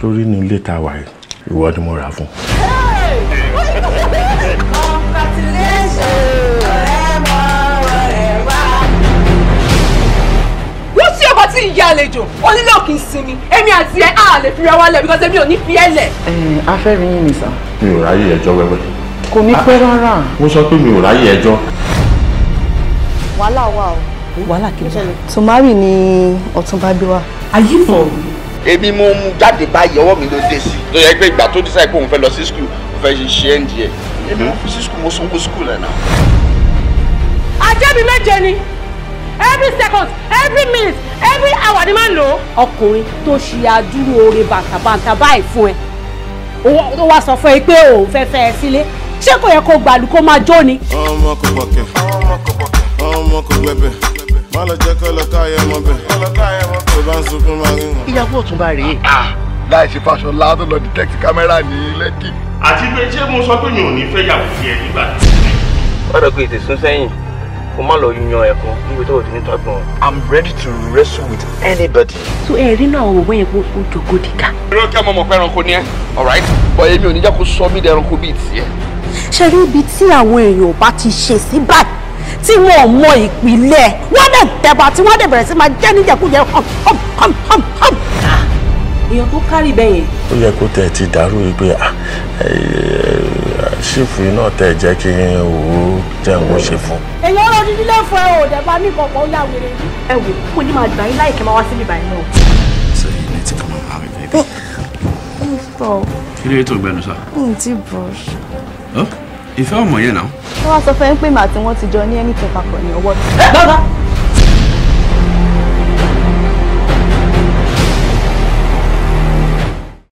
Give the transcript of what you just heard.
sórí ní ilé tá a wà yìí ìwọ ni mo rà fún. wọ́n tí ọkọ̀ tí ìyá àlejò onílé òkè ìsinmi èmi àti ẹ̀ á lè fi ra wálẹ̀ bíkọ́sẹ̀ mi ò ní fi ẹ̀ lẹ̀. ẹ afẹ́ rí yín ni sà. mi ò ráyè ẹjọ́ wẹ́wẹ́. kò ní pẹ́ rárá. mo sọ pé mi ò ráyè ẹjọ́. wàhálà wà o. wàhálà kìí bá. ni ọ̀túnba gbé wa. ayé bọ̀ èmi mo mú jáde báyìí ọwọ́ mi ló dé sí. tó yẹ pé ìgbà tó dísáì pé òun fẹ́ lọ sí skul fẹ́ ṣe ẹ́ ǹdí ẹ̀ èmi mo fi sí skul mo sanwó skul ẹ̀ náà. ajẹ́bi méje ni every second every minute every hour ni máa ń lò. ọkùnrin tó ṣe àdúró oore bàtàbàtà báyìí fún ẹ ó wá sọ fún ẹ pé òun fẹ́ fẹ́ ẹ sílé ṣé kò yẹ kó gbàlù kó máa jó ni. ọmọ kò pọkẹ ọmọ kò pọkẹ má lọ jẹ́ kọ́ lọ káyọ̀ ọmọbẹ̀ tó bá ń sunkún máa rí wọn. ìyàwó ọ̀túnba rèé. láì ṣe Fáṣọlá tó lọ detect kámẹ́rà ní Lẹ́kì. àti pé ṣé mo sọ pé mi ò ní fẹ́ yàwó sí ẹ nígbà tí. ọ̀dọ̀ kò tètè sún sẹ́yìn kó má lọ yan ẹ̀kan níbi tó ti ní tọ́gbọ̀n. I'm ready to wrestle with anybody. so ẹ rí náà òwò yẹn kó o jòkó dìgà. irú ọmọ mọ̀pẹ́ ẹranko tí wọn ò mọ ìpìlẹ̀ wọ́n dẹ̀ tẹ̀bà tí wọ́n dẹ̀ bẹ̀rẹ̀ sí máa jẹ́ níjẹkújẹ hàn hàn hàn hàn hàn. èèyàn tó kárí bẹ́ẹ̀ yẹn. ó yẹ kó tẹ̀ ti dàrú ìgbé ṣífù iná tẹ̀ jẹ́ kí n ò jẹun ó ṣe fún. èèyàn ọ̀rọ̀ dídí lè fọ ẹ ò dẹ̀ bá mi kọ̀ọ̀kan ó yà wèrè yìí. ẹ wò kó ní máa gbà yín láì kí máa wá síbi báyìí náà. ṣé ilé ti kàn máa rí ìfẹ́ ọmọ yẹn náà wọ́n wá sọ fún ẹ pé màá tí wọ́n ti jọ ní ẹnì kẹfà pọ̀ ní ọwọ́ tó. bàbá